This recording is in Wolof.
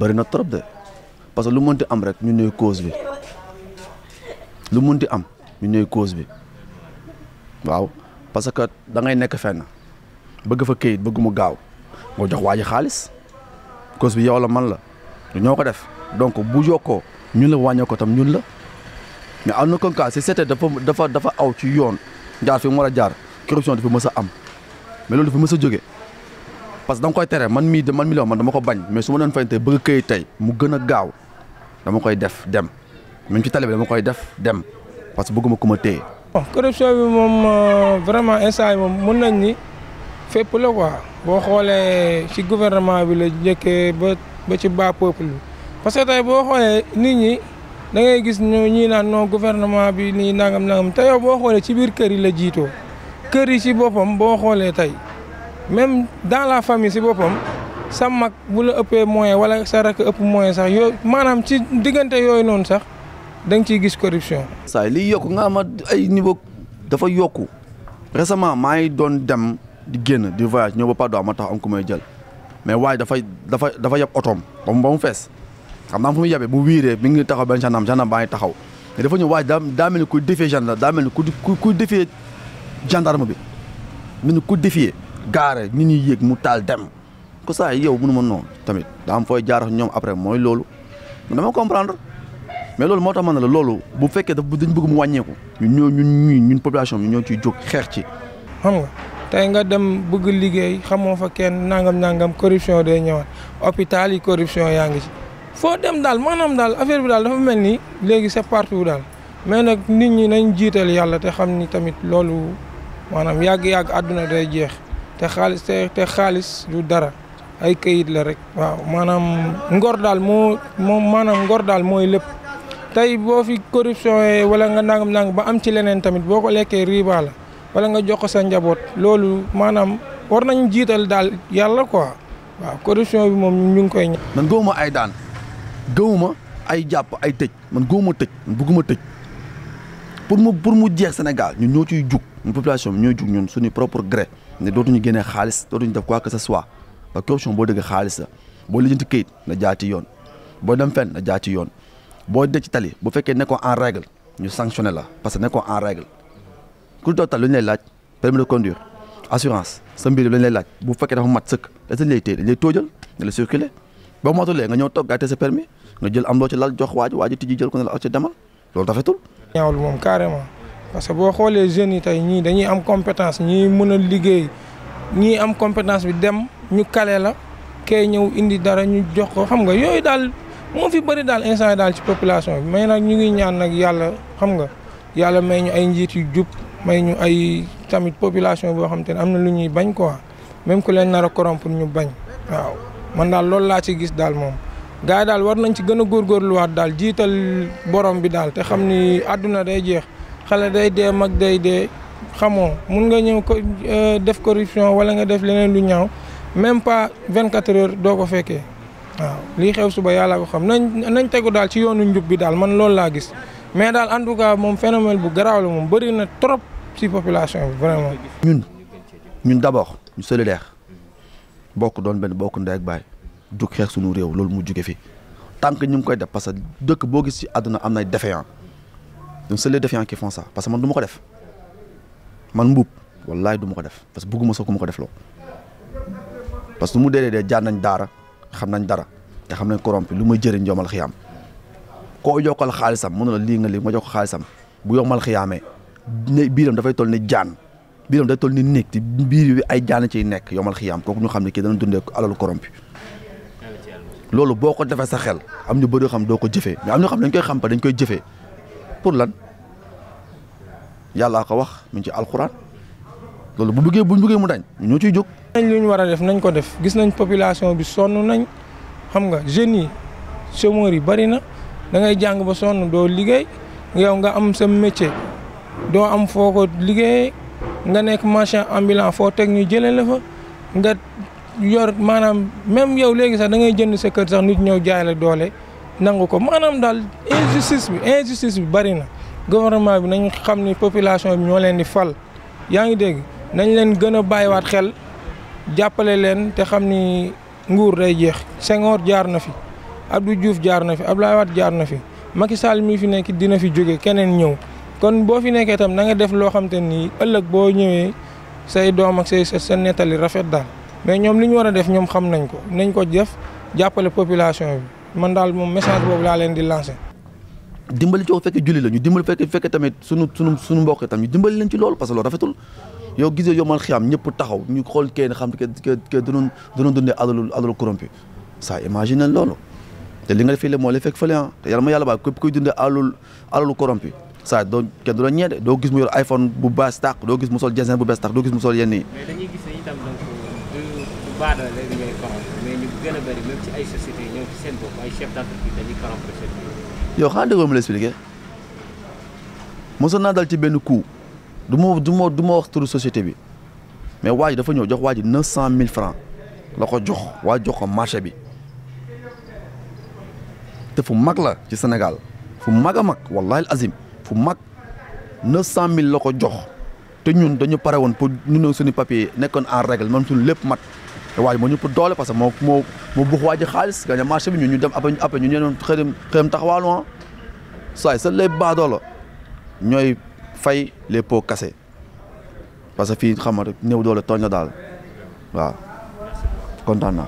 bëri na trop de parce que lu ti am rek ñun ñooy cause bi lu mënti am ñu ñooy cause bi waaw parce que da ngay nekk fenn bëgg fa këyit bëgg gaaw nga jox waa xaalis cause bi yow la man la du ñoo ko def donc bu yokkoo ñun la wàññee ko tam ñun la mais am na comme cas si c'était dafa dafa dafa aw ci yoon jaar fi mu war a jaar corruption dafa mës a am mais loolu fa mës a jóge parce que da nga koy tere man mii man mii la man dama ko bañ mais su ma doon fayante bëgg këyit tey mu gën a gaaw dama koy def dem même ci tali bi koy def dem parce que bëgguma ku ma téye. bon corruption bi moom euh, vraiment instant moom mun nañ ni fépp la quoi boo xoolee ci gouvernement bi la njëkkee ba ba ci bas parce que tey boo xoolee nit ñi da ngay gis ñu ñii naan non gouvernement bi nii nangam nangam te boo xoolee ci biir kër yi la jiitoo kër yi ci boppam boo xoolee tey. même dans la famille si boppam sa mag bu la ëppee moyen wala sa rakk ëpp moyen sax yooyu maanaam ci diggante yooyu noonu sax da nga ciy gis corruption. saa lii yokk nga ama ay niveau dafa yokku récemment maa ngi doon dem di génn di voyage ñëw ba Padoa ma tax am ku may jël mais waaye dafay dafa dafa yab otoom ba mu ba mu fees xam naa fu muy yabee bu wiiree mi ngi taxaw benn gendarme gendarme baa ngi taxaw mais dafa ñëw waaye daa daa mel ni ku defee gendarme daa mel ni ku ku defee bi mel ni gaare nit ñi yéeg mu taal dem ko saa yow mënu ma noonu tamit daa am fooy jaarax ñoom après mooy loolu dama comprendre mais loolu moo tax ma ne la loolu bu fekkee bu dañ bëgg mu wàññeeku ñun ñoo ñun ñii ñu population bi ñoo ciy jóg xeex ci. xam nga te nga dem bëgg liggéey xamoo fa kenn nangam nangam corruption de ñëwaat hôpital yi corruption yaa ngi ci. foo dem daal maanaam daal affaire bi daal dafa mel ni léegi c'est partout daal mais nag nit ñi nañ jiital yàlla te xam ni tamit loolu maanaam yàgg-yàgg àdduna day jeex. te xaalis te xaalis du dara ay kayit la rek waaw maanaam ngor daal moo moom maanaam ngor daal mooy lépp tey boo fi corruption wala nga nangam nangam ba am ci leneen tamit boo ko lekkee riba la wala nga jox ko sa njaboot loolu maanaam war nañ jiital daal yàlla quoi waaw corruption bi moom ñu ngi koy ña man gëwuma ay daan gëwuma ay jàpp ay tëj man gëwuma tëj man bëgguma tëj pour mu pour mu jeex Sénégal ñun ñoo ciy jug ñun population bi ñooy jug ñun suñu propre gré ne dootuñu génnee xaalis dootuñu def quoi que ce soit parce que corruption boo dëgg xaalis la boo lijjanti kayit na jaar yoon boo dem fenn na jaar ci yoon boo dëj ci tali bu fekkee ne ko en règle ñu sanctionné la parce que ko en règle ku doon tal lu ñu lay laaj permis de conduire assurance sa mbir la ñu lay laaj bu fekkee dafa mat sëkk dañ lay téye dañ lay tóojal dañ lay circuler boo matulee nga ñëw toog gàtte sa permis nga jël am loo ci lal jox waaj waaj jël ko ne la ak ci demal loolu rafetul. ñaawul moom carrément. parce que boo xoolee jeunes yi tey ñii dañuy am compétence ñii mën a liggéey ñii am compétence bi dem ñu kale la kay ñëw indi dara ñu jox ko xam nga yooyu daal moo fi bari daal instant daal ci population bi mais nag ñu ngi ñaan nag yàlla xam nga yàlla may ñu ay njiit yu jub may ñu ay tamit population boo xam te ne am na lu ñuy bañ quoi même ku leen nar a corrompre ñu bañ waaw man daal loolu laa ci gis daal moom. gars yi daal war nañ ci gën a góor góorgóorluwaat daal jiital borom bi daal te xam ni àdduna day jeex. xale day dee mag day dee xamoo mun nga ñëw ko euh, def corruption wala nga def leneen lu ñaaw même pas vingt quatre heures doo ko fekkee waaw lii xew suba yàlla ko xam nañ nañ tegu daal ci yoonu njub bi daal man loolu laa gis mais daal en tout cas moom phénomène bu garaaw la moom bëri na trop ci population bi vraiment. ñun ñun d' abord ñu solidaire bokk doon benn bokk ndey ak baay jug xeex suñu réew loolu mu jóge fi tant que ñu ngi koy def parce que dëkk boo gis ci àdduna am na défaillant donc c'est les défiants qui sa ça parce que man du ma def man mbuub wallaay du ma ko def parce que bëgguma sax ku ma ko def loo parce que mu dee dee jaar nañ daara xam nañ dara te xam nañ corrompu lu may jëriñ yomal xiyaam ko jokkal xaalisam mun na la lii nga lii ma jox ko xaalisam bu yomal xiyaamee ne biiram dafay toll ni jaan biiram day tol ni néeg te biir bi ay jaan ciy nekk mal yomal xiyaam kooku ñu xam ne kii dana dundee alalu corrompu loolu boo ko defee sa xel am ñu bëri xam doo ko jëfee mais am xam dañ koy xam pa dañ koy jëfee pour lan yàllaa ko wax mu ci alxuraan loolu bu duggee bu ñu duggee mu dañ ñu ciy jóg. nañ lu ñu war a def nañ ko def gis nañ population bi sonn nañ xam nga jeunes yi chômeurs yi bari na da jàng ba sonn doo liggéey yow nga am sa métier doo am foo ko liggéeyee nga nekk marchand ambulant foo teg ñu jëlee la fa nga yor maanaam même yow léegi sax da ngay jënd sa kër sax nit ñëw jaay doole. nangu ko maanaam daal injustice bi injustice bi bari na gouvernement bi nañu xam ni population bi ñoo leen di fal yaa ngi dégg nañ leen gën a bàyyiwaat xel jàppale leen te xam ni nguur day jeex Senghor jaar na fi Abdou Diouf jaar na fi Abdoulaye Wade jaar na fi Macky Sall mii fi nekk dina fi jóge keneen ñëw kon boo fi nekkee tam na nga def loo xam te ni ëllëg boo ñëwee say doom ak say sa nettali rafet daal mais ñoom li ñu war a def ñoom xam nañ ko nañ ko def jàppale population bi. man daal moom message boobu laa leen di lancé. dimbali ci ko fekkee julli la ñu dimbali fekkee fekkee tamit sunu sunu sunu mbokk tam ñu dimbali leen ci loolu parce que loolu rafetul yow gisee yow man xiyaam ñëpp taxaw ñu xool kenn xam ke ke ke danoon danoon dundee alalu alalu corrompu ça imagine loolu te li nga defee moo lay fekk fële ah te yàlla ma yàlla baal képp kuy dundee alalu alalu corrompu ça doo kenn du la ñeede doo gis mu yor iPhone bu bees tàq doo gis mu sol jeans bu bees tàq doo gis mu sol yenn gën a bëri yow xanaa déggoo ma la expliqué mosoon naa dal ci benn coup du ma du ma wax turu société bi mais waa dafa ñëw jox waa ji neuf cent mille francs la ko jox waa jox ko marché bi te fu mag la ci senegal fu mag a mag wallahi azim fu mag neuf cent mille la ko jox te ñun dañu pare woon pour ñu ne suñu papier nekkoon en règle man suñu lépp mat. te waa ji moo ñu ëpp doole parce que moo moo moo bux waa ji xaalis gagné marché bi ñun ñu dem après après ñu ñeneen xëy xëyam taxawaalu ah saa sa lay baadoo la ñooy fay les pour kase parce que fii xam nga néew doole tooñ la daal waaw kontaan